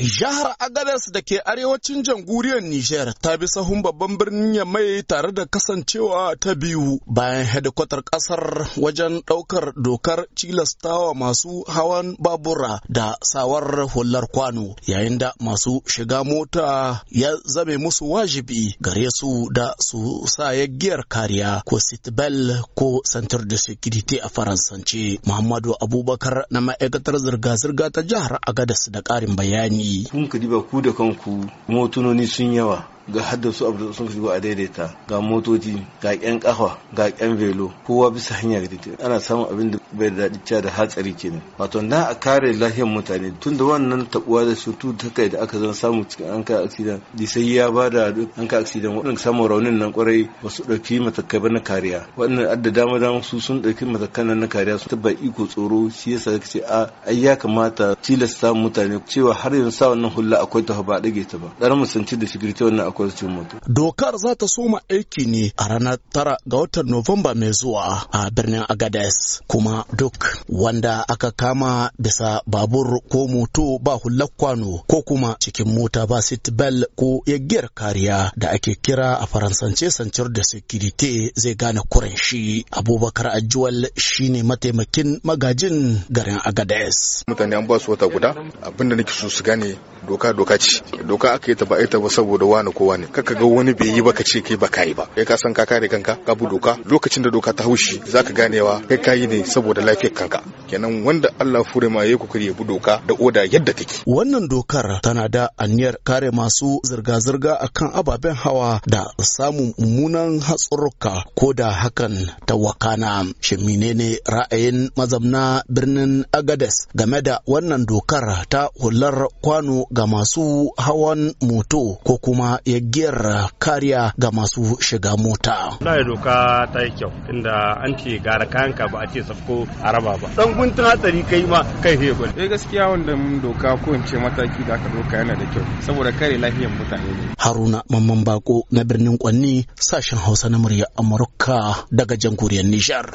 Jihar Agadas da ke arewacin jamhuriyar Nijar ta bi sahun babban birnin Yamai tare da kasancewa ta biyu bayan hedikwatar ƙasar wajen ɗaukar dokar cilastawa masu hawan babura da sawar hular kwano yayin da masu shiga mota ya zame musu wajibi gare su da su sa giyar kariya ko sitbel ko santar de security a faransance. Muhammadu Abubakar na ma'aikatar zirga-zirga ta jihar Agadas da ƙarin bayani. yi kun ka diba ku da kanku motunoni sun yawa ga su abu sun shigo a daidaita ga motoci ga yan kafa ga yan velo kowa bisa hanya ga ana samun abin da bai da daɗi da hatsari kenan wato na a kare lafiyar mutane tun da wannan tabuwa da sutu ta kai da aka zan samu cikin an ka aksidan di sai ya ba da an ka aksidan waɗanda samun raunin nan kwarai ba su ɗauki matakai ba na kariya wannan adda dama dama su sun ɗauki matakan nan na kariya su tabbai iko tsoro shi yasa ka ce a ai ya kamata tilasta mutane cewa har yanzu sa wannan hulla akwai ta ba ɗage ta ba ɗan musanci da shigirce wannan akwai mutu. Dokar za ta soma aiki ne a ranar tara ga watan Nuwamba mai zuwa a birnin Agades kuma duk wanda aka kama bisa babur ko moto ba hular kwano ko kuma cikin mota ba seat belt ko yagiyar kariya da ake kira a faransance sancir da security zai gane kuren shi abubakar ajuwal shine mataimakin magajin garin Agades. Mutane an ba su wata guda abinda nake so su gane doka doka ce doka aka yi ta ba ita ba saboda wani ko wani kaka ga wani bai yi ba ka ce kai ba ka yi ba kai ka san ka kare kanka ka bu doka lokacin da doka ta haushi zaka ganewa kai ka yi ne saboda lafiyar kanka kenan wanda Allah fure ma yayi kokari ya bu doka da oda yadda take wannan dokar tana da aniyar kare masu zirga zirga akan ababen hawa da samun mummunan hatsurruka ko da hakan ta wakana shi menene ra'ayin mazamna birnin Agades game da wannan dokar ta hular kwano ga masu hawan moto ko kuma ya giyar kariya ga masu shiga mota. Lai doka ta yi kyau inda an ce gara ka ba a ce sabko a raba ba. Dan guntun hatsari kai ma kai hebel. Eh gaskiya wanda doka ko in ce mataki da aka doka yana da kyau saboda kare lafiyar mutane ne. Haruna Mamman Bako na birnin Kwanni sashen Hausa na murya Amurka daga jamhuriyar Nijar.